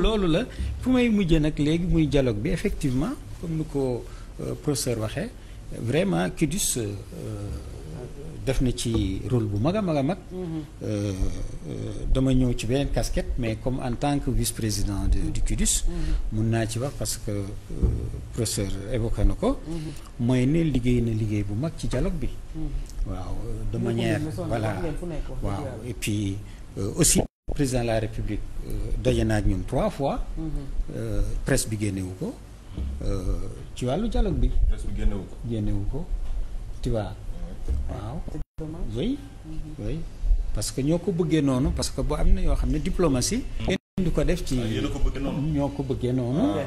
loolu la fu may mujjee nag léegi muy jaloog bi effectivement comme ni ko euh, professeur waxee vraiment CUDIS euh, euh, def na ci rôle bu mag a mag a mag mhm. dama ñëw ci beneen casquette mais comme en tant que vice-président du CUDIS mhm. mun naa ci wax parce que professeur évoqué na ko mhm. mooy ne liggéey na liggéey bu mag ci dialogue bi waaw de manière voilà waaw et puis président de la république euh, daje naa ak ñun trois fois. Mhm. Euh, presse bi génnewu ko. Euh, ci wàllu dialogue bi. presse bi génnewu ko génnewu ko tu vois waaw. oui mhm. oui parce que ñoo ko bëggee noonu parce que bu am na yoo xam ne diplomatie. Mhm. kenn du ko def ci ah, ñoo ko bëggee noonu.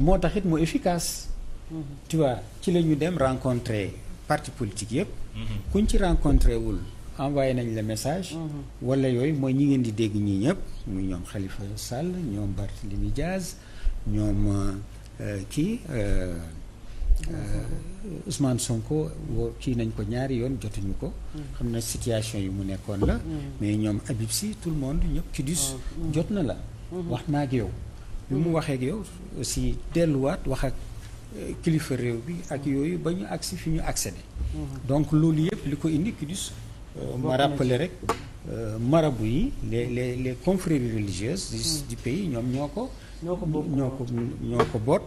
moo taxit it mu efficace. tu ci la ñu dem rencontrer parti politique yëpp. kuñ ci rencontrer envoyé nañ la message. Mm-hmm. wala yooyu mooy ñi ngeen di dégg ñii ñëpp muy ñoom Khalifa Sall ñoom Barthélémy Diaz ñoom euh, kii euh, euh, Ousmane Sonko woo kii nañ ko ñaari yoon jotuñu ko. Mm. xam na situation yi mu nekkoon la. Mm. mais ñoom Habib Sy tout le monde ñëpp ci dis mm. jot na la. Mm-hmm. wax naa ak yow. bi mu mm-hmm. waxee ak yow aussi delluwaat wax ak. kilifa réew bi ak yooyu ba ñu agsi fi ñu accédé donc loolu yëpp li ko indi kudus Euh, ma rappelé rek euh, marabu yi les les les confréries religieuses du mm. pays ñoom ñoo ko ñoo ko ñoo ko boot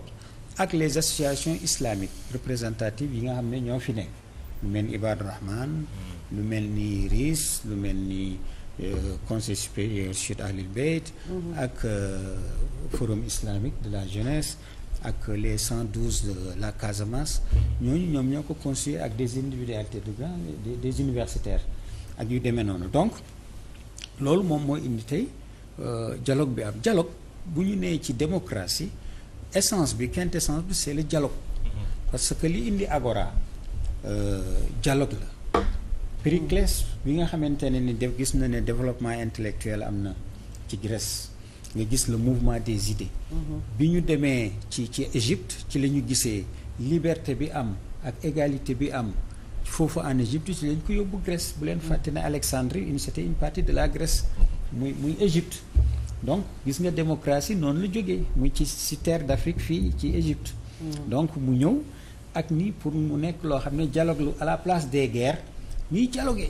ak les associations islamiques représentatives yi nga xam ne ñoo fi nekk lu mel ni Ibad Rahman mm. lu mel ni RIS lu mel ni euh, conseil supérieur Chute Ahlul Bayt mm-hmm. ak forum islamique de la jeunesse ak les 112 de la Casamance ñooñu ñoom ñoo ko constitué ak des individualités de grand des universitaires ak yu demee noonu donc loolu moom mooy indi tey euh, dialogue bi am dialogue bu ñu nee ci démocratie essence bi quintessence bi c'est le dialogue mm-hmm. parce que li indi agora euh, dialogue la Périclès bi nga xamante ne ni def gis na ne développement intellectuel am na ci Grèce nga gis le mouvement des idées mm-hmm. bi ñu demee ci ci Égypte ci la ñu gisee liberté bi am ak égalité bi am foofu en Égypte ci lañ ko yóbbu Grèce bu leen fàtte ne Alexandrie une c'était une de la Grèce muy muy Égypte donc gis nga démocratie noonu la jógee muy ci ci terre d'Afrique fii ci Égypte mm. donc mu ñëw ak ni pour mu nekk loo xam ne dialogue lu à la place des guerres ñuy dialoguer